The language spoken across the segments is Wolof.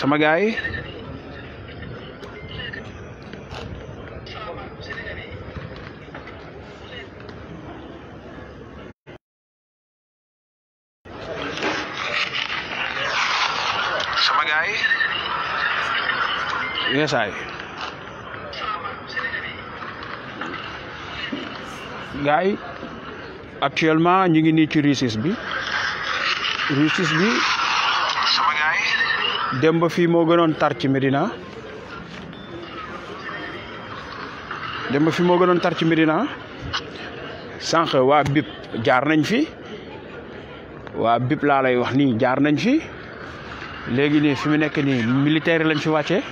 sama gaay yi sama gaay actuellement ñu ngi nii ci réussite bi réussite bi démb fii moo gënoon tar ci Médina démb fii moo gënoon tar ci sànq waa bip jaar nañ fi waa bip laa lay wax nii jaar nañ fi léegi nii fi mu nekk nii militaire lañ fi wàcce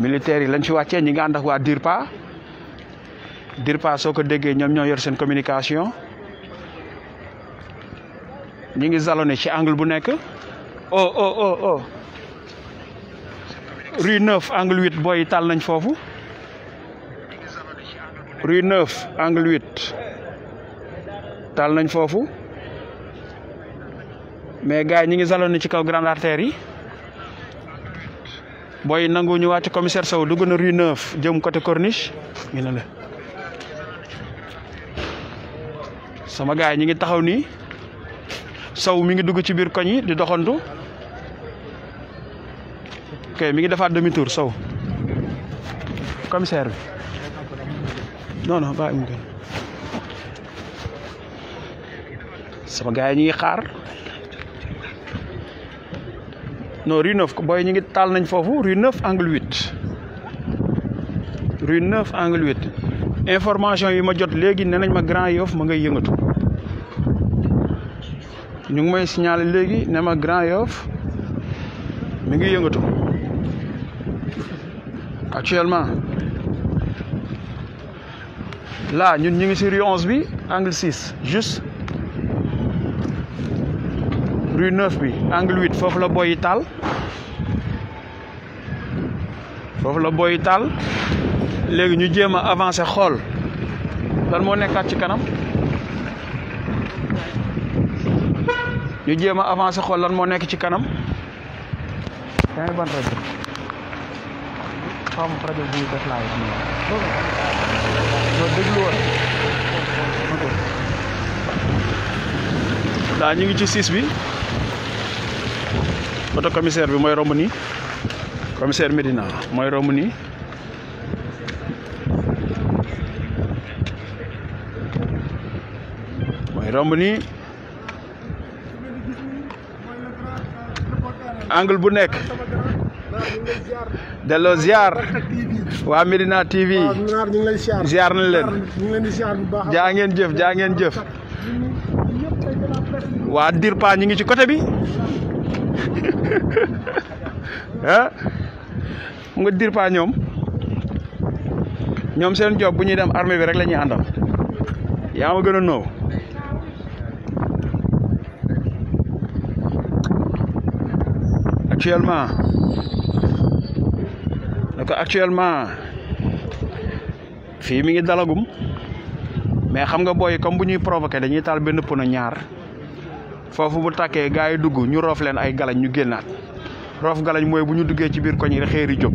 militaire yi lañ fi wàccee ñi nga ànd ak waa DIRPA DIRPA soo ko déggee ñoom ñoo yor seen communication. ñu ngi zalone ci angle bu nekk oh oh oh oh rue 9 angle 8 booy taal nañ foofu rue 9 angle 8 taal nañ foofu mais gars ñi ñu ngi zalone ci kaw grande artère yi booy nangu ñu wàcc commissaire Sow dugg na rue 9 jëm côté corniche ñu ne sama gars yi ñu ngi taxaw nii. Sow mi ngi dugg ci biir koñ yi di doxantu ok mi ngi defaat demi tour Sow commissaire bi non non bàyyi mu gën sama gars yi ñu ngi xaar non rue neuf booy ñu ngi taal nañ foofu rue neuf angle huit rue neuf angle information yi ma jot léegi nee nañ ma Grand Yoff ma ngay yëngatu. ñu ngi may signaler léegi ne ma Grand Yoff mi ngi yëngatu actuellement là ñun ñu ngi ci rue 11 bi angle 6 juste rue 9 bi angle 8 foofu la boy yi taal foofu la boy taal léegi ñu jéem a avancer xool lan moo nekkaat ci kanam. ñu jéem a avancé xool lan moo nekk ci kanam. damay ban rajo xaw ñu ngi ci siis bi oto commissaire bi mooy romb nii commissaire Médina mooy romb nii mooy romb nii angle bu nekk delloo ziar waa Medina TV ziar nañ leen jaa ngeen jëf jaa ngeen jëf waa Dirpa ñi ngi ci côté bi ah mu nga Dirpa ñoom ñoom seen job bu ñuy dem armée bi rek lañuy ñuy àndal yaa gën a noow actuellement ne ko fii mi ngi dalagum mais xam nga booy comme bu ñuy provoqué dañuy taal benn pono ñaar foofu bu tàkkee gars yi dugg ñu roof leen ay galañ ñu génnaat roof galañ mooy bu ñu duggee ci biir koñ yi xeer yi jóg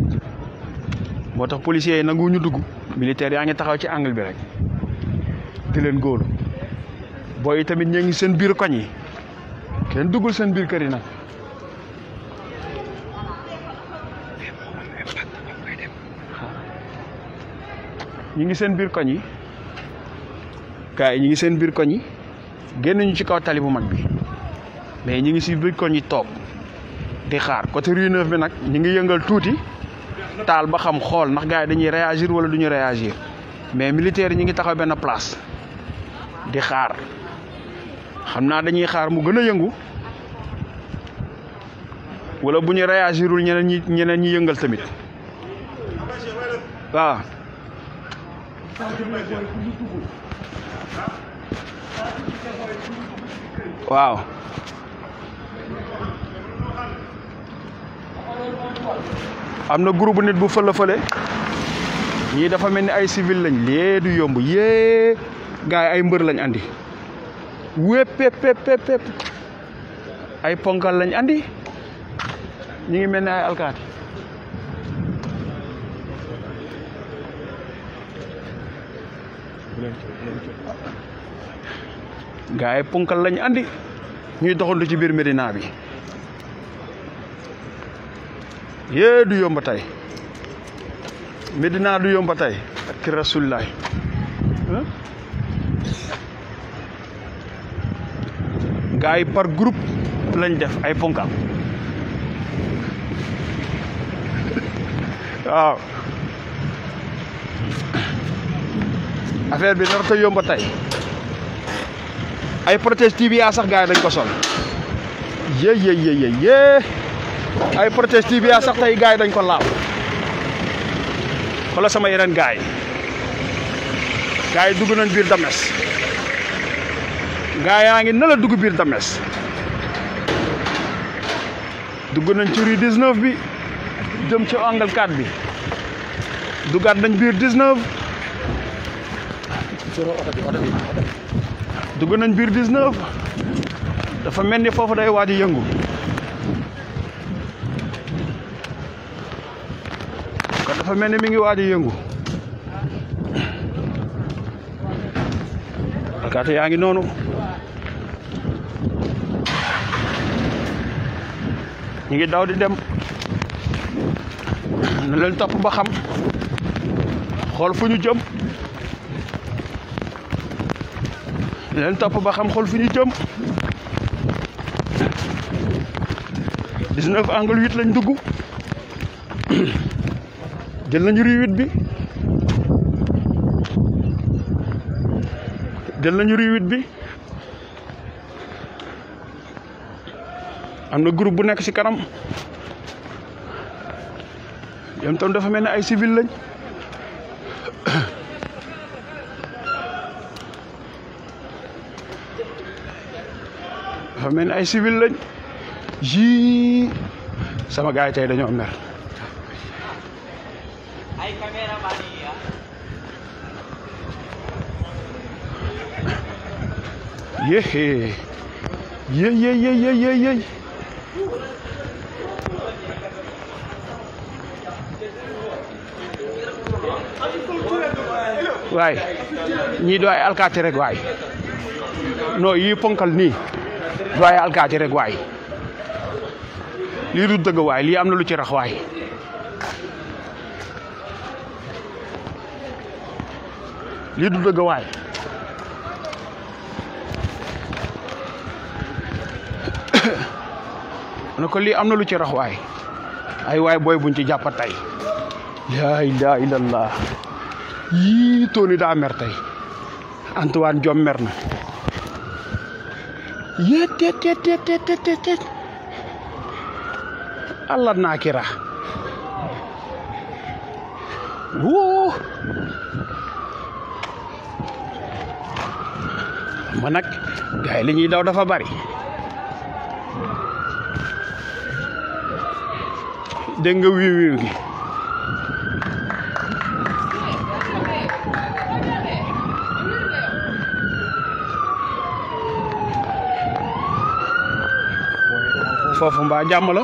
moo tax policiers yi nangu ñu dugg militaires yaa ngi taxaw ci angle bi rek di leen góolu booy tamit ñu ngi seen biir koñ yi kenn duggul seen biir kër yi nag. ñu ngi seen biir koñ yi gars yi ñu ngi seen biir koñ yi génn ñu ci kaw tali bu mag bi mais ñu ngi si biir koñ yi toog di xaar côté rue bi nag ñu ngi yëngal tuuti taal ba xam xool ndax gars yi dañuy réagir wala du ñu réagir mais militaire yi ñu ngi taxaw benn place di xaar xam naa dañuy xaar mu gën a yëngu wala bu ñu réagirul ñeneen ñi ñeneen ñi yëngal tamit waaw. waaw. am na groupe nit bu fële fële dafa mel ni ay civil lañ lee du yomb yee gars yi ay mbër lañ andi wépp ay ponkal lañ andi ñu ngi mel ni ay alkaati. gaa yi punkal lañ andi ñuy doxantu ci biir Médina bi yée du yomba du yomba tey ak rasulilah par groupe lañ def ay punkal waaw affaire bi nar ta yomb tey ay protège tibia sax gars dañ ko sol yé yé yé yé ay protège tibia sax tey gars yi dañ ko laal wala sama yeneen gars yi dugg nañ biir Dames gars yaa ngi na dugg biir Dames dugg nañ ci rue 19 bi jëm ci angle 4 bi duggaat nañ biir dugg nañ biir 19 dafa mel ni foofu day waaj a yëngu kon dafa mel ni mi ngi waaj yëngu alkaati yaa ngi noonu ñu ngi daw di dem na leen topp ba xam xool fu ñu jëm leen topp ba xam xol fu ñu jëm 19 angle 8 lañ dugg jël nañu rue 8 bi jël nañu rue bi am na groupe bu nekk ci kanam yom tam dafa mel ne ay civil lañ dafa mel ni ay civil lañ ji sama gars yi tey dañoo mer ah. yéé yéy yéy yéy yéy yéy waay ñii doo ay alkaati rek waay non yii ponkal nii doyen alkaati rek waay lii du dëgg waay lii am na lu ci rax waay lii du dëgg waay ne ko lii am na lu ci rax waay ay waay booy buñ ci jàppa tey laa ilaha illallah yii tooni daa mer tey Antoine Diome mer na yéet teet teet teet teet teet allah naakira woo ma nag gaay li ñuy daw dafa bari dégg nga wiiw wiiw gi foofu mbaa jàmm la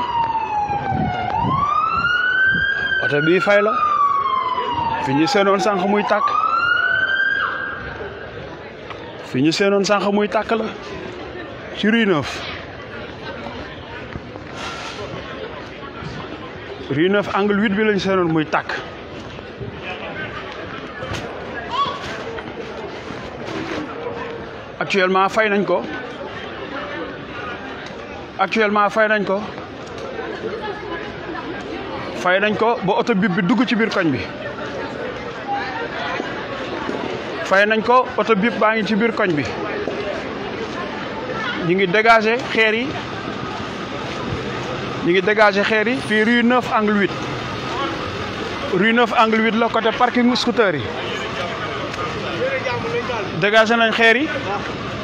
oto bii fay la fi ñu seenoon sànq muy tàkk fi ñu seenoon sànq muy tàkk la ci Rue Neuf Rue Neuf angle huit bi lañ seenoon muy tàkk actuellement fay nañ ko actuellement fay nañ ko fay nañ ko ba oto bip bi dugg ci biir koñ bi fay nañ ko oto bip baa ngi ci biir koñ bi ñu ngi dégage xeer yi ñu ngi dégage xeer yi fii rue 9 angle 8 rue 9 angle la côté parking scooter yi dégage nañ xeer yi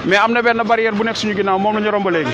mais am na benn barrière bu nekk suñu ginnaaw moom la ñu romb léegi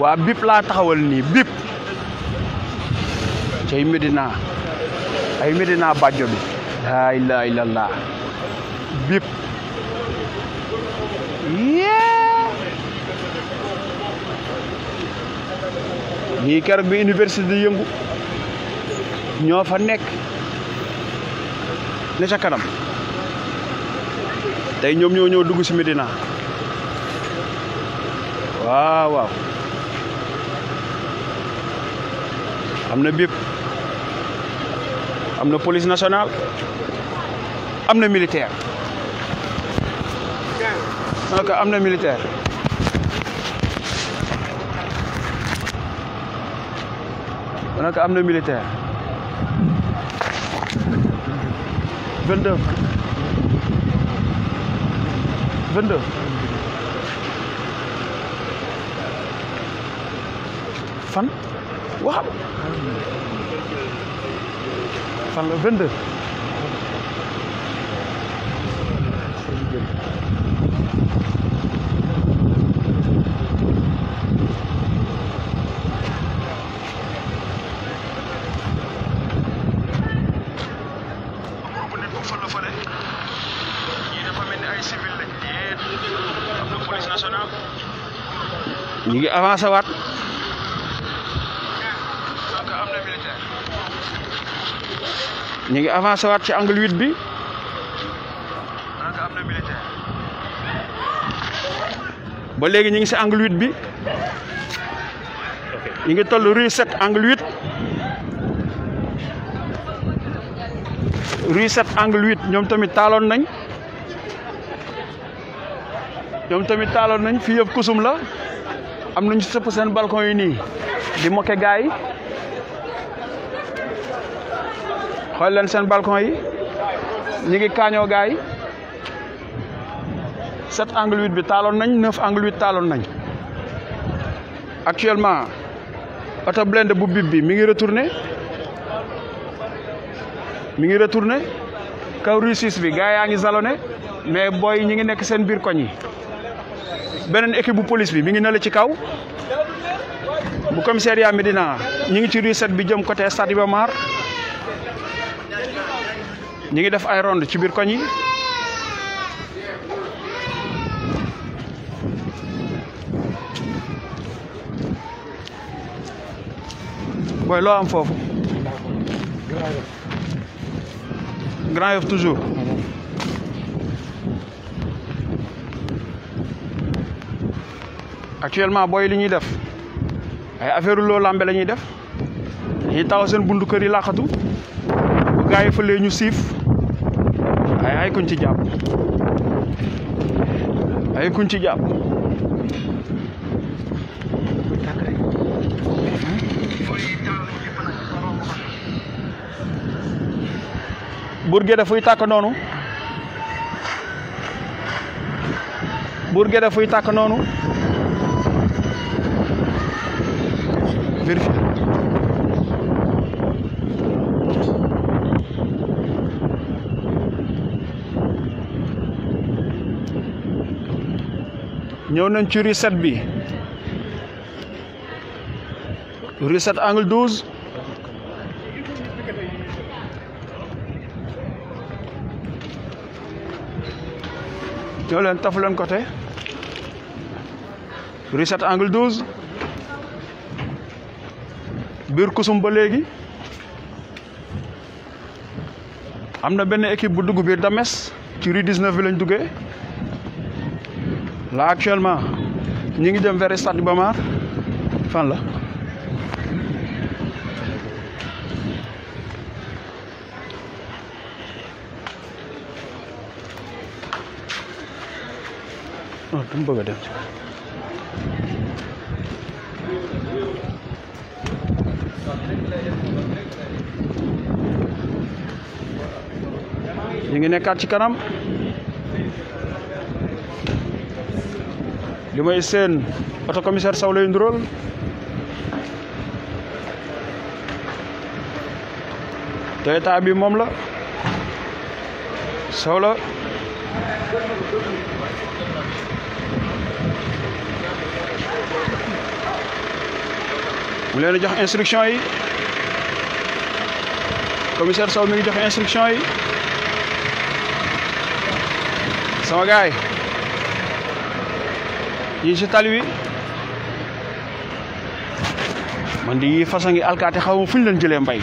waa bip laa taxawal nii bip cay Medina ay Medina bàjjo bi laa ilaha illallah bip yee ñii keroog bi université di yëngu ñoo fa nekk ne ca kanam tey ñoom ñoo ñëw dugg ci Medina waaw waaw am na bépp am na police nationale am na militaire naka am na militaire naka am na militaire vingt-deux fan waxam fan la 22. ñu ngi avancé waat ñu ngi avancé waat ci angle bi ba léegi ñu ngi si angle bi ñu ngi toll rue sept angle huit rue sept ñoom tamit taaloon nañ ñoom tamit taaloon nañ fii yëpp kusum la am nañu sëpp seen balcon yi nii di moke gaay xool leen seen balcon yi ñu ngi kaañoo gaay sept angle huit bi taaloon nañ neuf angle huit taaloon nañ actuellement oto blindé bu bib bi mi ngi retourné mi ngi retourné kaw rue six bi gaay yaa ngi zalone mais booy ñi ngi nekk seen biir koñ yi beneen équipe bu police bi mi ngi nale ci kaw bu commissariat Médina ñi ngi ci rue sept bi jëm côté stade Iba Mar ñu ngi def ay ronde ci biir koñ yi booy loo am foofu Grand Yoff toujours actuellement booy li ñuy def ay affaire loo lambe la ñuy def dañuy taxaw seen buntu kër yi làqatu bu gaa yi fëlee ñu siif ay ay kuñ ci jàpp ay kuñ ci jàpp tàkk noonu buur gee fuy tàkk noonu ñëw nañ ci rue 7 bi rue angle 12 ñëw leen tafu leen côté rue angle 12 biir kusum ba léegi am na benn équipe bu dugg biir Dames ci rue 19 bi lañ duggee là actuellement ñu ngi dem vers stade Iba fan la non du mu bëgg a dem ñu ngi nekkaat ci kanam li may seen oto commissaire saw lay nduróol te état bi moom la saw la mu leen jox instruction yi commissaire saw mi ngi jox instruction yi sama yii si tali wi man di yii façon yi alkaati xaw ma fu ñu leen jëlee mbay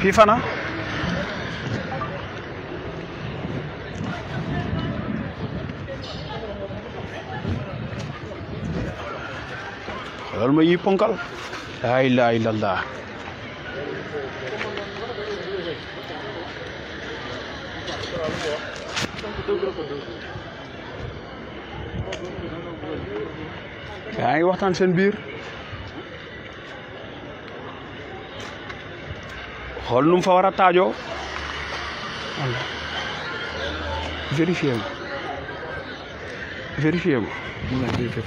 fii fana loolu ma yi ponkal laa ilaaha illallah Thank yaa ngi waxtaan seen biir xool nu fa war a taajoo voilà vérifié ma vérifié ma nga déglu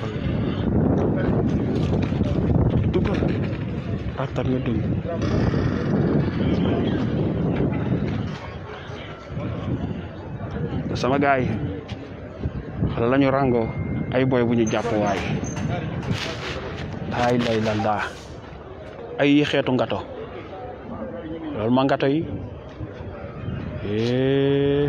sama gars yi xala la ñu ay boy bu ñu jàpp waaye laa ilaaha illallaah ay xeetu ngato loolu ma ngato yi eh.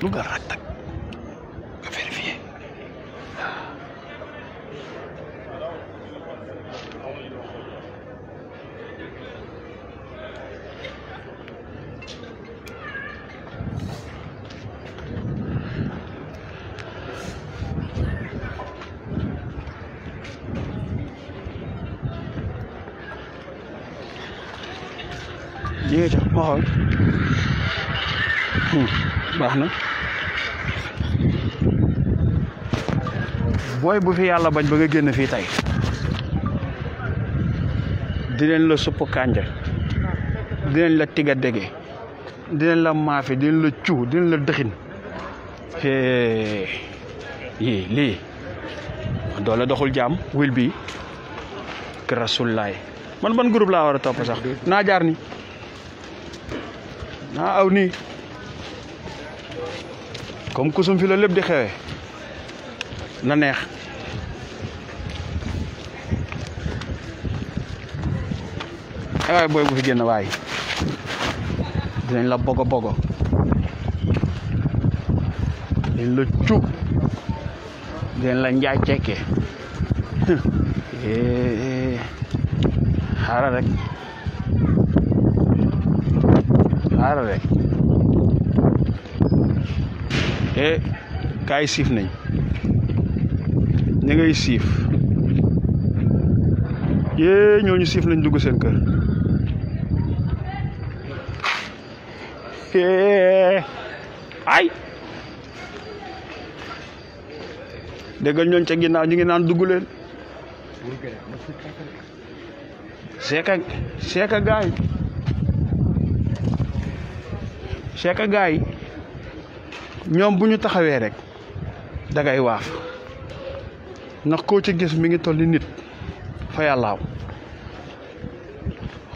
lu na booy bu fi yàlla bañ ba nga génn fii tey dinañ la supp kànja dinañ la tiga dege dinañ la maafe dinañ la cu dinañ la dëxin yii lii doole doxul jaam wil bii ki rasulaay man ban groupe laa war a topp sax naa jaar ni naa aw nii comme kusum fi lépp di xewee na neex ay booy bu fi génn waay dinañ la bogo bogo dinañ la cuub dinañ la njaay cekke xaaral rek xaaral rek e kaay siif nañ ña ngay siif yée ñooñu siif nañ dugg seen kër ay déggal ñooñ ca ginnaaw ñu ngi naan dugg leen seeka seeka gaay seeka gaay ñoom bu ñu taxawee rek dangay waaf ndax koo ci gis mi ngi tolli nit fa yàllaaw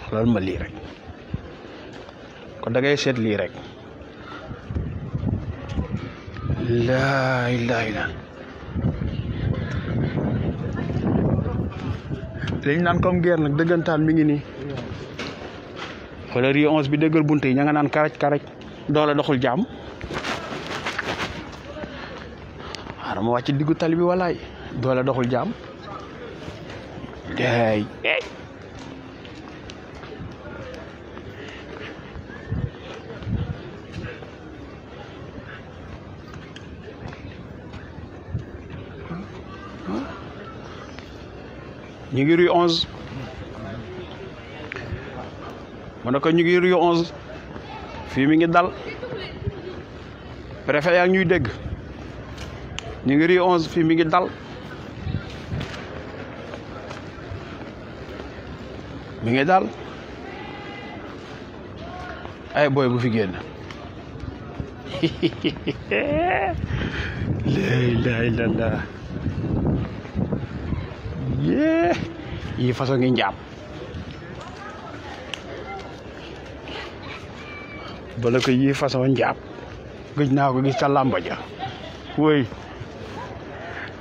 xoolal ma lii rek kon dangay seet lii rek laa ilaaha illallaah liñ naan comme guerre nag dëggantaan mi ngi nii xoolal ri onze bi déggal bunt yi ña nga naan karaj karaj doole doxul jàmm xaaral ma wàcc diggu tali bi walaay doole doxul jaam day ñu onze ma ne ko ñu onze fii mi ngi dal préfet yaa ngi ñuy dégg ñu ngi rue onze mi ngi dal mi ngi dal ay booy bu fi génn la ilaha illallah yée yi façon ngi njaam bala ko yi façon njaam gëj naa ko gis ca làmba ja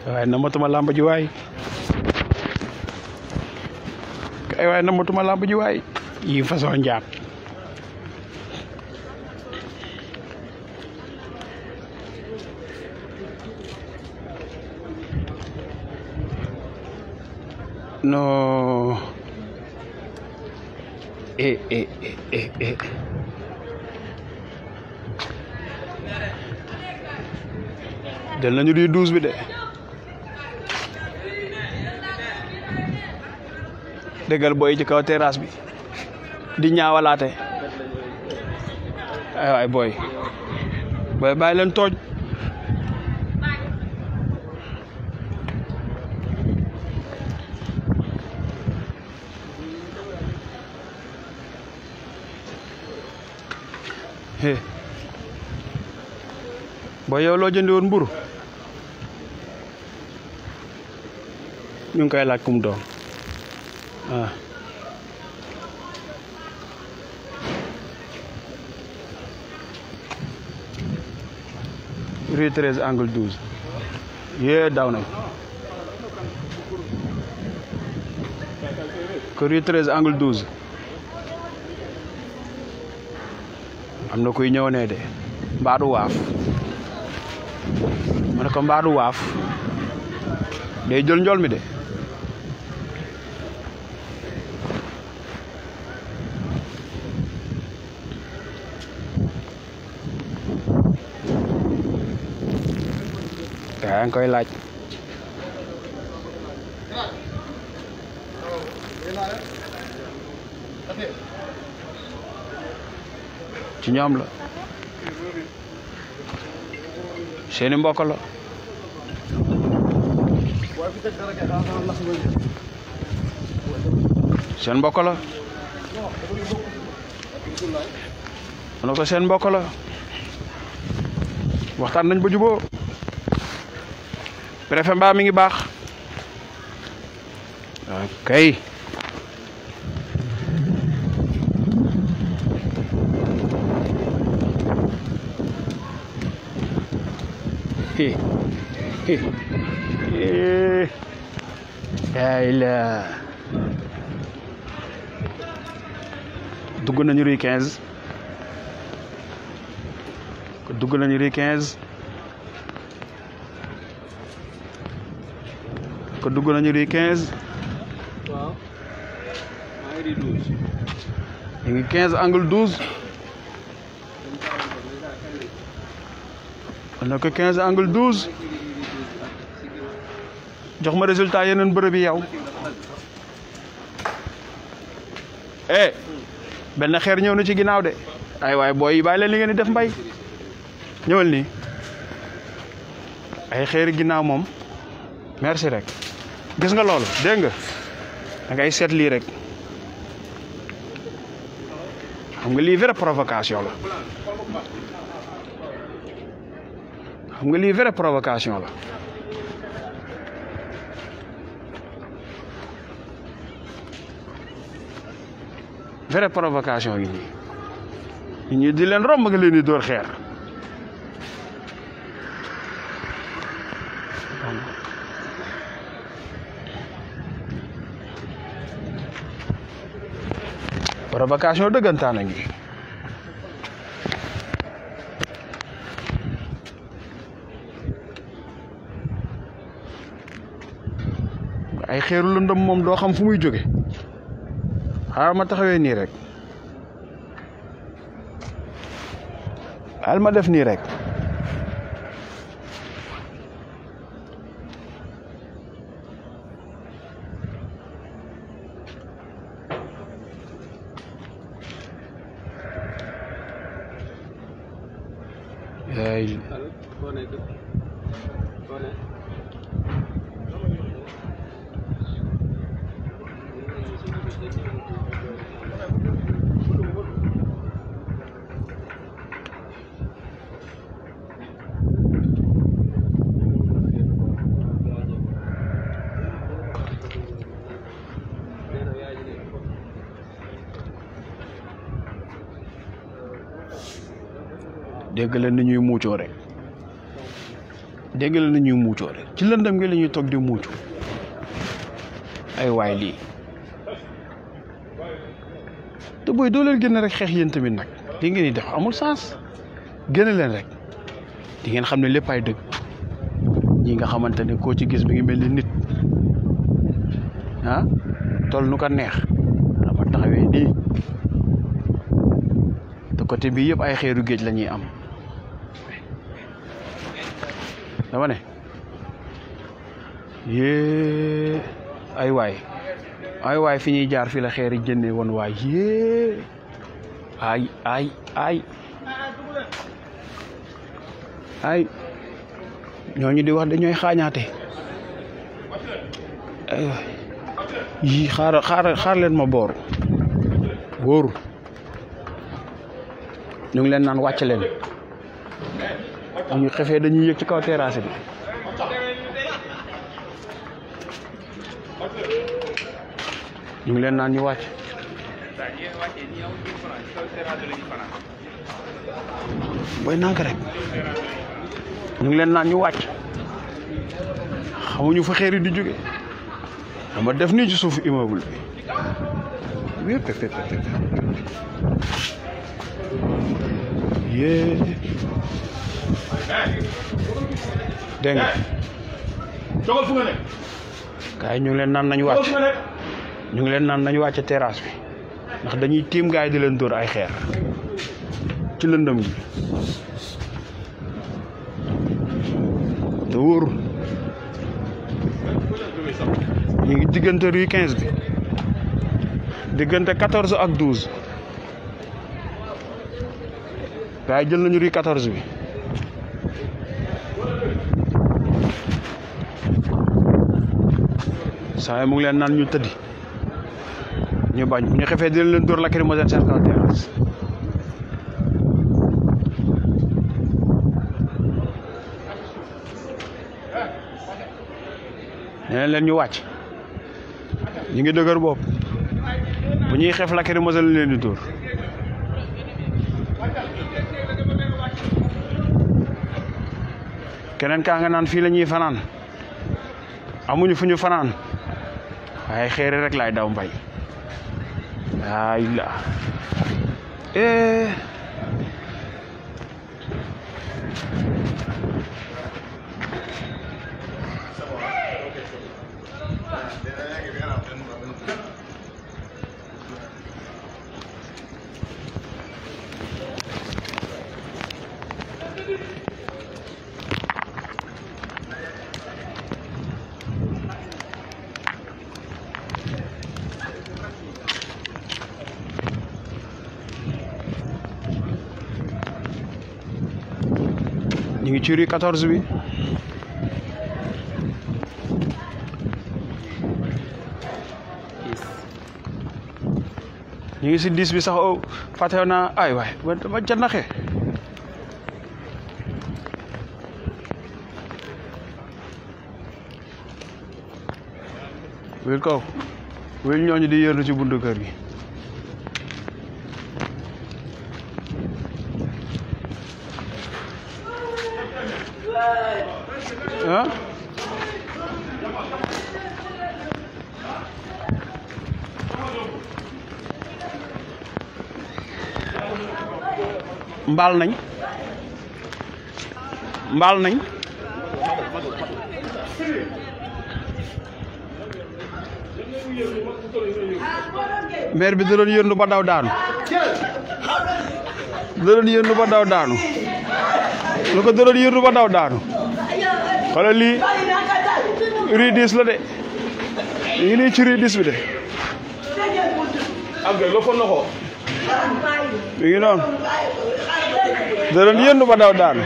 waaye na matuma làmb ji waay kay waaye na matuma làmb ji waay yi façon njaam non eh eh eh, eh, eh. di douze bi de dëggal booy ci kaw terrasse bi di ñaawalaate ay waay booy bay bàyyi leen tooj booy yow loo jëndi woon mburu ñu ngi laaj kum doon waaw ah. rue 13 angle 12 yee daw nañ ko rue 13 angle 12 am na kuy ñëw ne de mbaadu waaf ma ne mbaadu waaf day jël njool mi de yaa ngi koy laaj ci ñoom la seeni mbokk la seen mbokk la mu seen mbokk waxtaan nañ ba préfet mbaa mi ngi baax kay yaay la dugg nañu rue 15 dugg nañu rue 15 dugg nañu rue 15 ñu ngi 15 angle 12 wala ko 15 angle 12 jox ma résultat yeneen bërëb yi yow eh benn xeer ñëw na ci ginnaaw de ay waay booy yi bàyyi leen li def mbay ñëwal nii ay xeeri ginnaaw moom merci rek gis nga loolu dégg nga da ngay seet lii rek xam nga lii vraie provocation la xam nga lii vraie provocation la vraie provocation yi ñi ñi di leen romb nga leen di door xeer provocation dëggantaan a ngi ay xeeru lëndëm moom doo xam fu muy jóge xaaral ma taxawee nii rek al def nii rek dégg leen ñuy muucoo rek dégg leen ni muucoo rek ci lëndëm gi lañuy toog di muucu ay waay lii te booy doo leen génne rek xeex yéen tamit nag li ngeen di def amul sens génne leen rek di ngeen xam ne lépp ay dëgg ñi nga xamante ne koo ci gis mi ngi mel ni nit ah toll nu ko neex dama taxawee nii te côté bii yëpp ay xeeru géej la ñuy am. dama yée ay waay ay waay fi ñuy jaar fi la xeeri jënne woon waay yée ay ay ay ñooñu di wax dañooy xaañaate yii xaar xaar xaar leen ma boor wóoru ñu ngi leen naan wàcc leen bu ñu xefee dañuy yëg ci kaw terrasse bi ñu ngi leen naan ñu wàcc booy nànk ñu ngi leen naan ñu wàcc xamuñu fa xeer di jóge dama def nii ci suufu immeuble bi dégg nga. yi ñu ngi leen naan nañu wàcc. ñu ngi leen naan nañu wàcc terrasse bi ndax dañuy tiim gars yi di leen dóor ay xeer ci lëndëm gi te wóorul ñu ngi diggante rue quinze bi diggante 14 ak 12 gars yi jël nañu rue 14 bi. saa mu ngi leen naan ñu tëddi ñu bañ bu ñu xefee dina leen dóor lacrymogène seen kaw terrasse leen ñu wàcc ñu ngi dëgër bopp bu ñuy xef lacrymogène lañ leen di dóor keneen kaa nga naan fii la ñuy fanaan amuñu fu ñu fanaan waaye xeere rek laay daw mbay waay la ciri ci bi ñu ngi si 10 bi sax o fàttew naa ay waay ma ca wil kaw wil ñooñu di yërnu ci buntu kër gi mbaal nañ mbaal nañ maire bi da doon yëndu ba daw daanu da doon yëndu ba daw daanu lu ko da doon ba daw daanu xoolal lii rue dix la de ñu ngi nii bi de. ak loolu da doon yëndu ba daw daanu.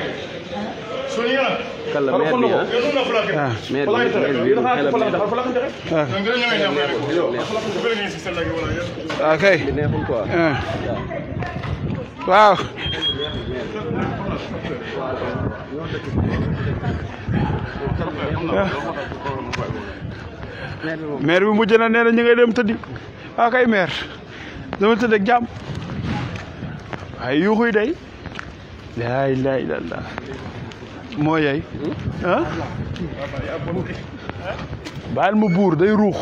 kàlla maire bi ah maire bi xelam waaw. maire ñu ngay dem tëddi ah kay maire dama tëdd yuuxuy day laa ilaaha illallaah moo yey ah ma buur day ruux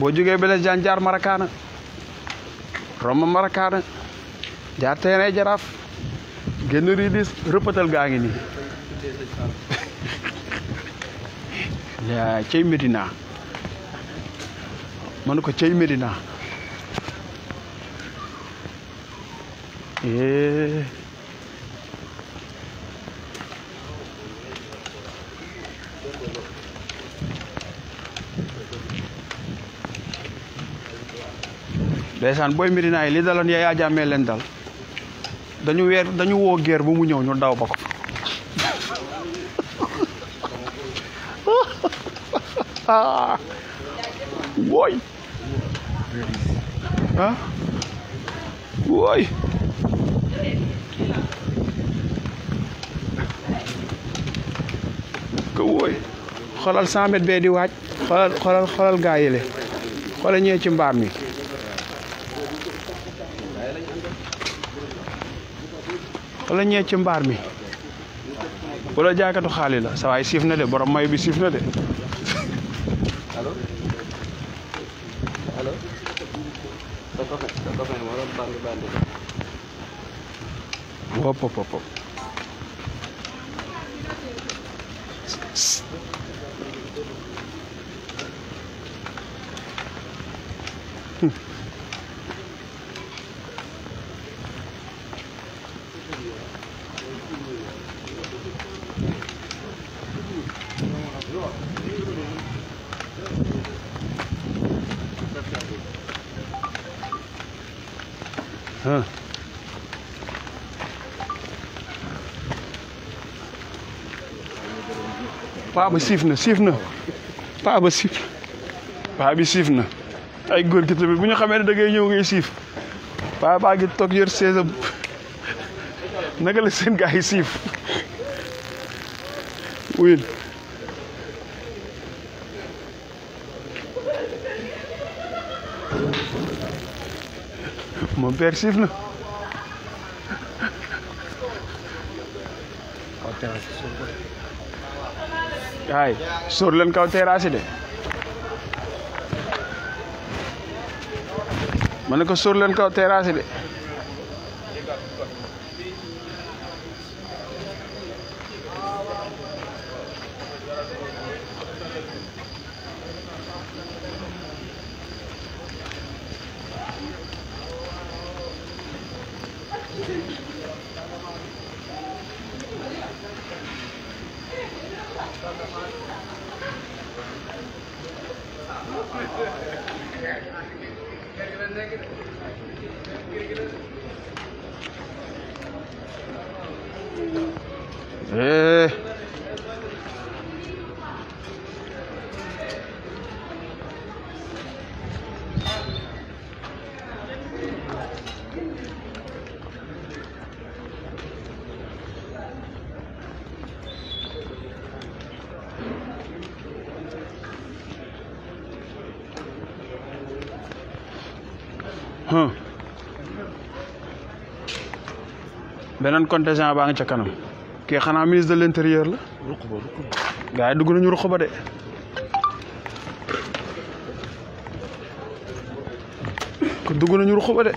boo jógee Blaise Diagne jaar Marakaana romb Marakaana jaar terrain Jaraaf génn ridis rëppatal gaa ngi nii yaa cey Médina ma ne ko cey Médina eh. ndeysaan booy Médina yi li daloon Yaya Jammeh leen dal dañu weer dañu woo guerre bu mu ñëw ñu daw ba ko wooy ah wooy bee di waaj xoolal xoolal xoolal gaa yi ñee ci mbaam mi wala ñee ci mbaar mi wala jaakatu xaalis la sa waay siif na de borom may bi siif na de paa siif na siif na paa siif na bi siif na ay góor gi tamit bu ñu xamee ne da ngay ñëw ngay siif paa baa ngi toog yor seesa la seen gaa siif wuyul mon père siif na ay sóor leen kaw terrasse de ma ne ko sóor leen kaw terrasse de beneen contingent baa ngi ca kanam kii xanaa ministre de l'intérieur la gars yi dugg nañu ruq ba de ko dugg nañu ruq ba de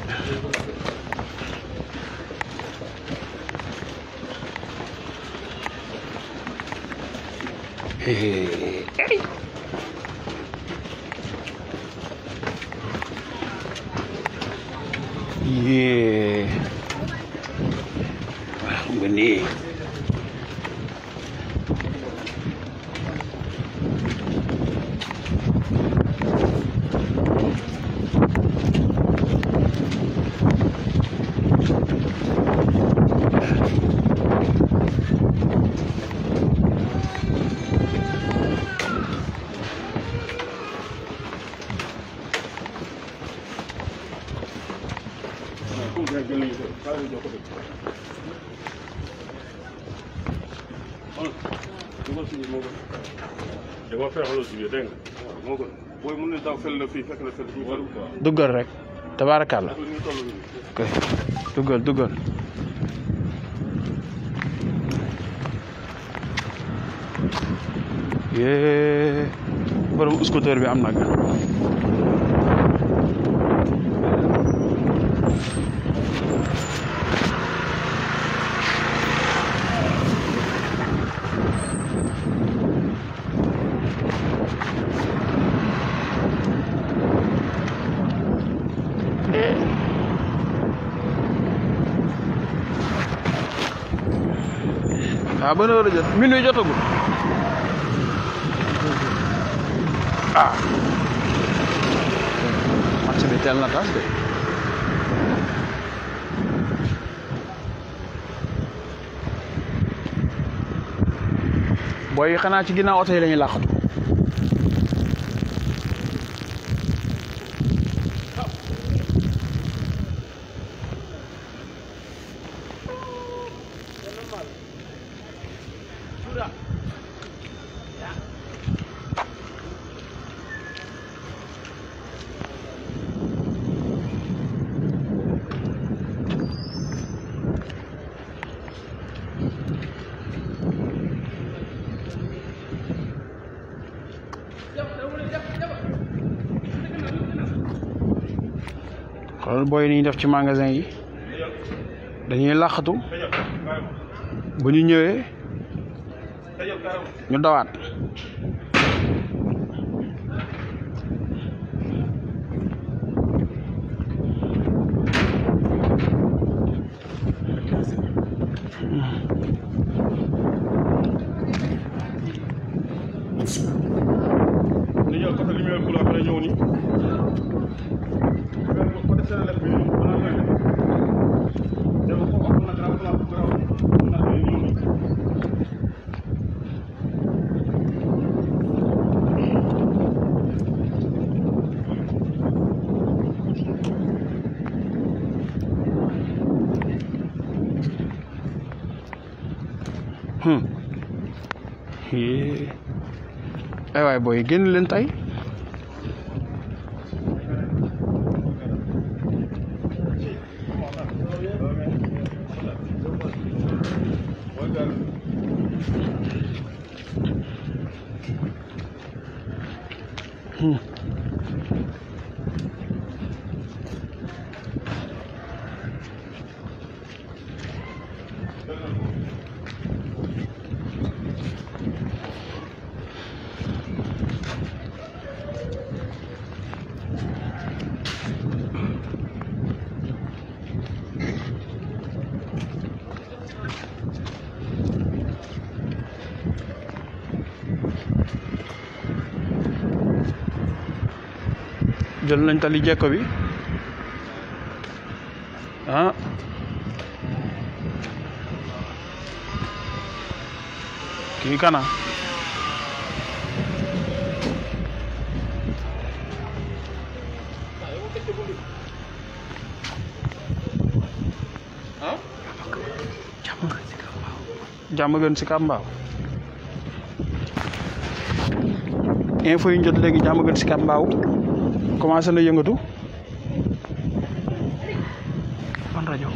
dama feexaloo si biir dégg nga moo gën booy mun na daw fel la fii fekk na fel fii warul quoi duggal rek tabaarakàlla kay duggal duggal yee borom scooter bi am na gan waaw ban heure la jot minuit jotagul ah match bi teel na tas de booy xanaa ci ginnaaw oto yi la ñuy xoolal booy ni ñu def ci magasin yi dañuy làqatu bu ñu ñëwee ñu dawaat ay waay booy génn leen tay noonu lañ tali jekko bi ah kii kana ah? jàmm gën si Kàmbaaw info yi ñu jot léegi jàmm gën si Kàmbaaw commencé na yëngatu ban rajo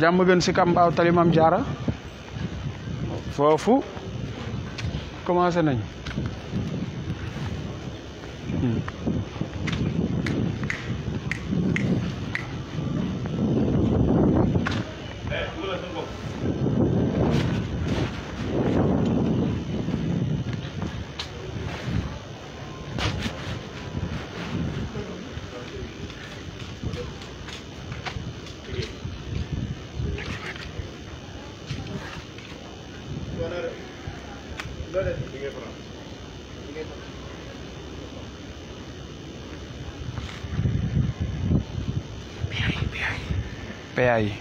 jàmm gën talimam jaara foofu commencé nañ hmm. yi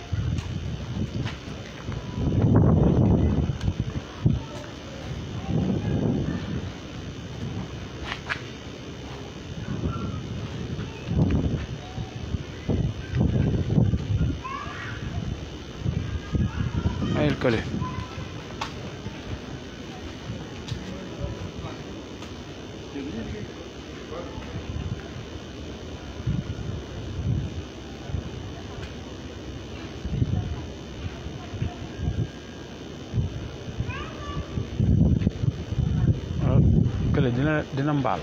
dina mbaal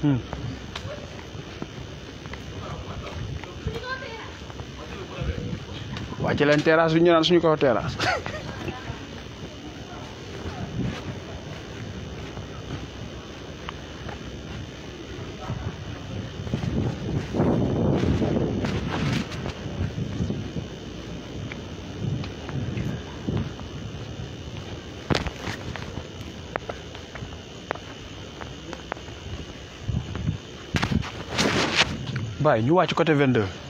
hmm. ci leen terrasse bi ñu naan suñu kaw terrasse bàyyi ñu wàcc côté 22.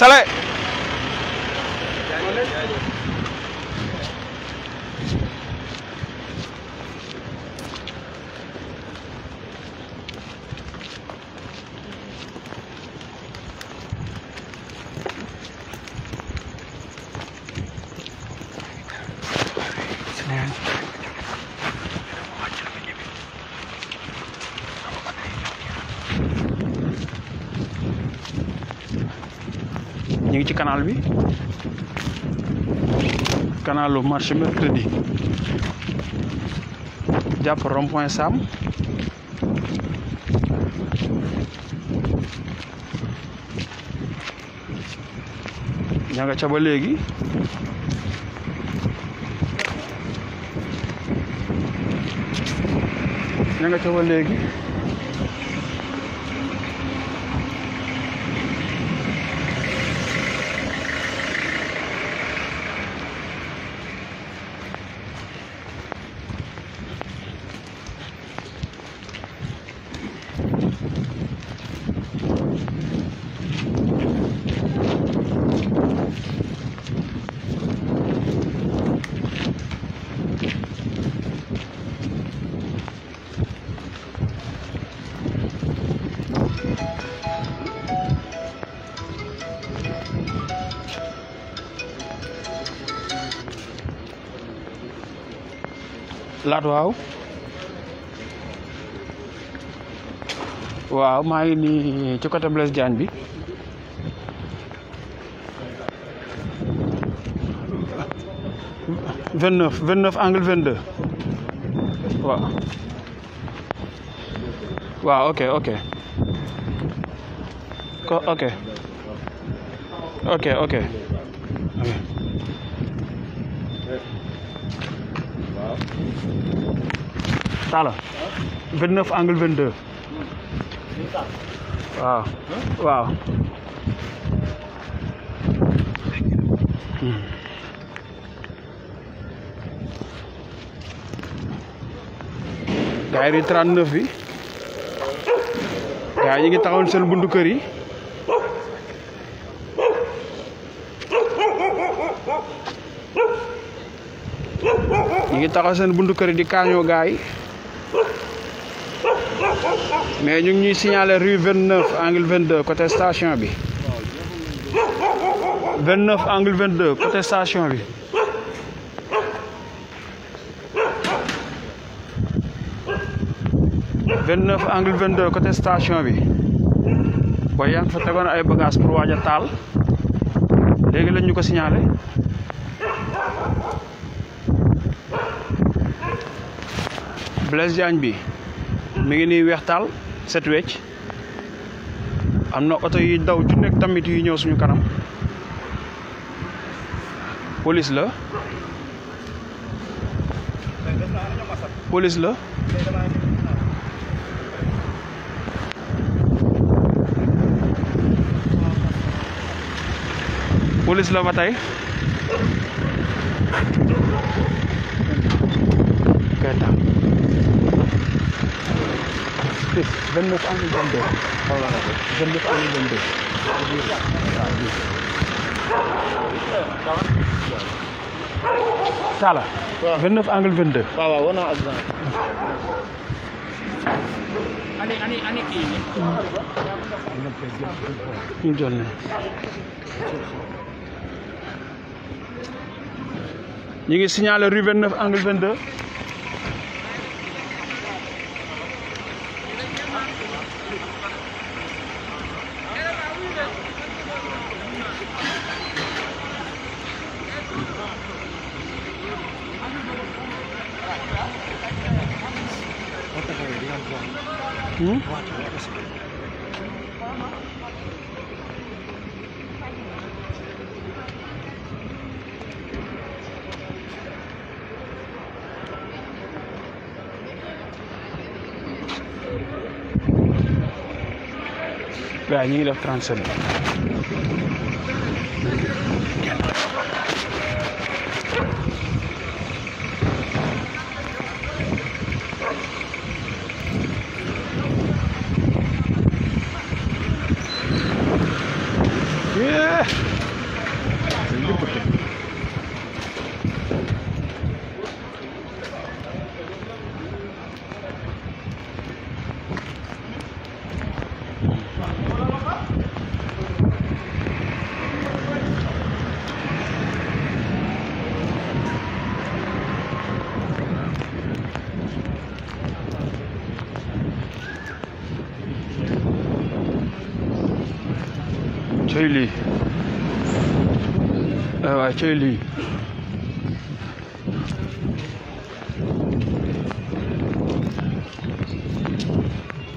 sale ci kanaal bi canalu marché mercredi jàpp rond point Sam ña nga léegi ña nga léegi laat waaw waaw maa ngi nii ci côté Blaise Diagne bi vingt neuf vingt neuf angle vingt deux waaw waaw ok ok ok ok ok Talla 29 angle 22 waaw waaw. gaa yi di 39 bi gaa yi ñu ngi taxawal seen buntu kër yi. ñu ngi taxaw seen buntu kër yi di kaañoo gaa yi. mais ñu ngi ñuy signaler rue 29 angle 22 côté station bi 29 angle 22 côté station bi vingt neuf angle vingt deux côté station bi boo yaa fa tegoon ay bagage pour waaj a taal léegi lañ ñu ko signalé Blaise Diagne bi mu ngi nii weex taal set wecc am na oto yuy daw ju nekk tamit yu ñëw suñu kanam police la police la police la ba tey 29 avril 22. xaw naa la ko 29 avril 22. Talla. waaw 29 avril 22. waaw waaw war naa accident. rue 29 angle 22. waaw ñu ngi def 37 cey lii ay waay cey lii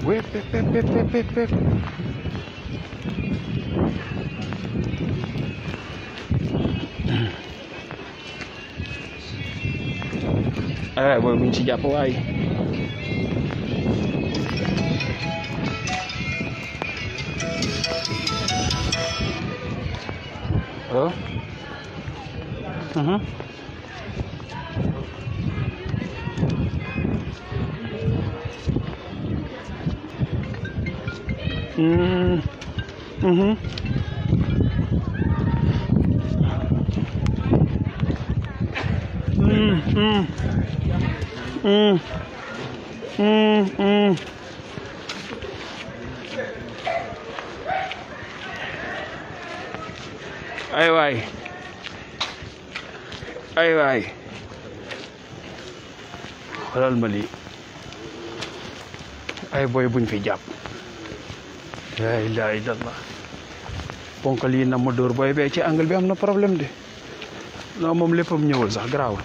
wéy pep pep pep pep ay waay booy buñ ci jàpp waay ay waay ay waay xoolal ma lii ay booy buñ fi jàpp laa ilaha illallah ponk lii na ma dóor booy bee ci angle bi am na problème de non moom léppam ñëwul sax garaawul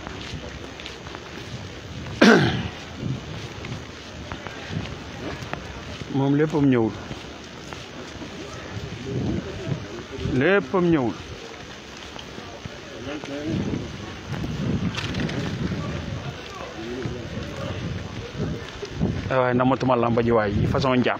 moom léppam ñëwul léppam ñëwul waaye namatuma làmba ji waay façon njaam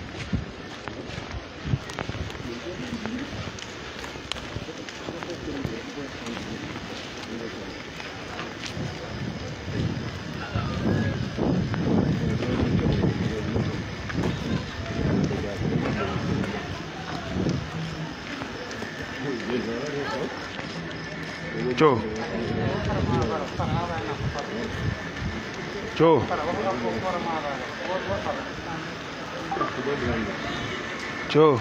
Cho. Cho. Cho.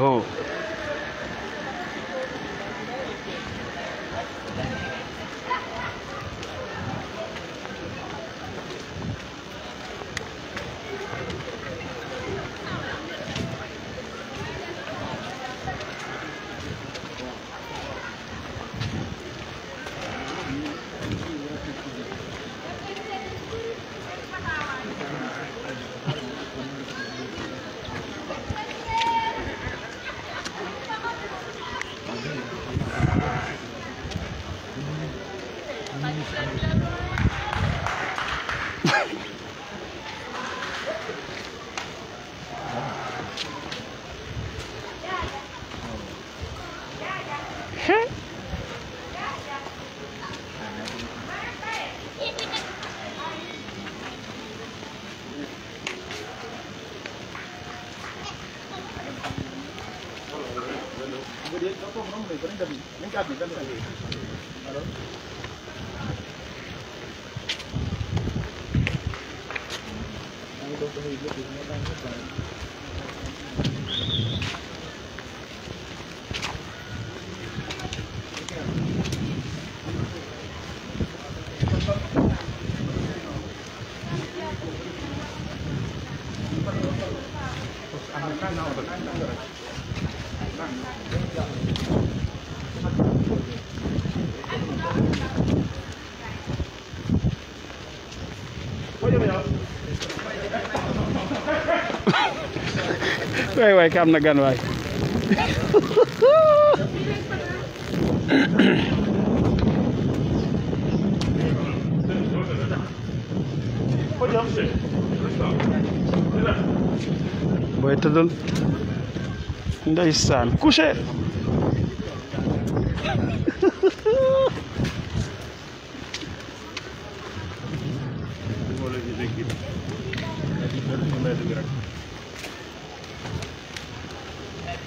Oh. waay waay ka am na gan waay booy tëddal ndeysaan couché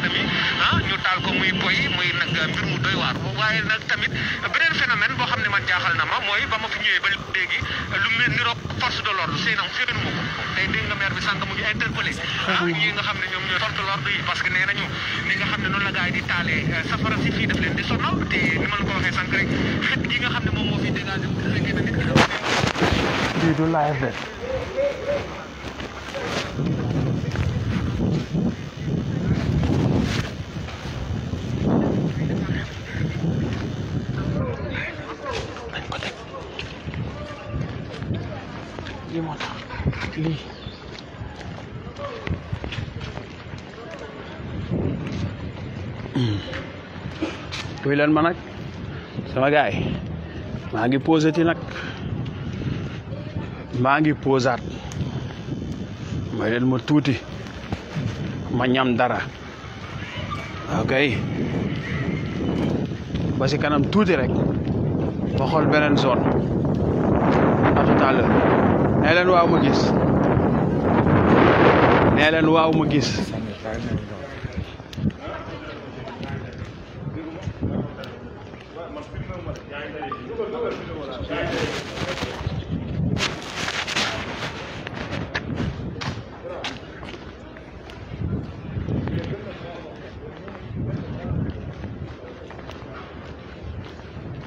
mbedd mi ah ñu taal ko muy poy muy nag mbir mu doy waar waaye nag tamit beneen phénomène boo xam ne man jaaxal na ma mooy ba ma fi ñëwee ba léegi lu mel ni roog force de l'ordre seen am féenu ma ko tey dégg ah, nga xam ne ñoom ñooy parce que nee nañu ni xam ne noonu la gars yi di taalee euh, safara si fii daf leen di sonal te ni ko waxee sànq rek xet gi nga xam ne moom moo fi dégagé wu fekkee na nit ki lii du kuy leen ma nag sama gaay maa ngi posé ti nag maa ngi posaat may leen ma tuuti ma ñam dara ok ba si kanam tuuti rek ma xool beneen zone à tout à waaw ma gis nee waaw ma gis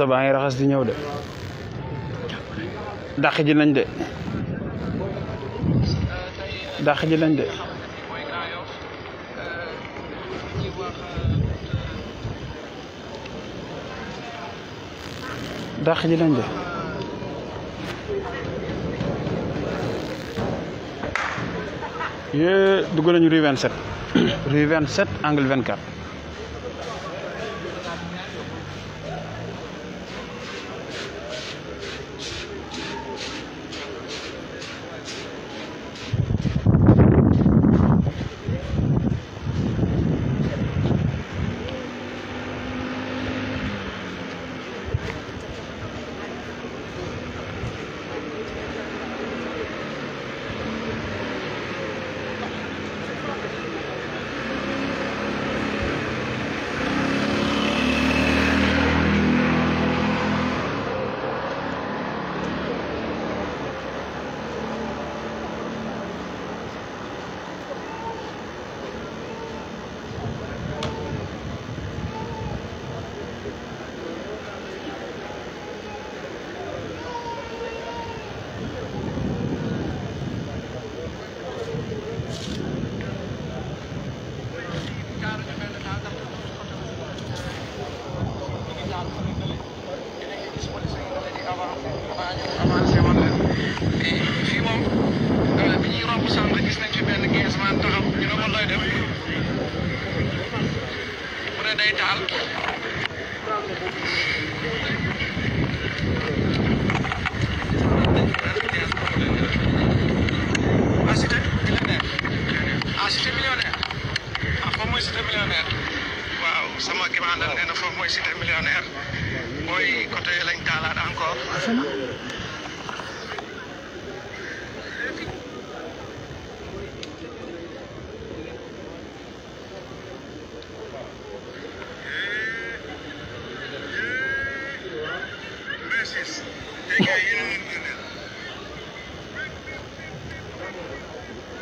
oto baa raxas di ñëw de dàq ji nañ de dàq ji nañ de dàq ji nañ de yée dugg nañu rue 27 rue 27 angle 24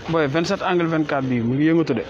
booy 27 angle 24 bii mu ngi yëngatu de.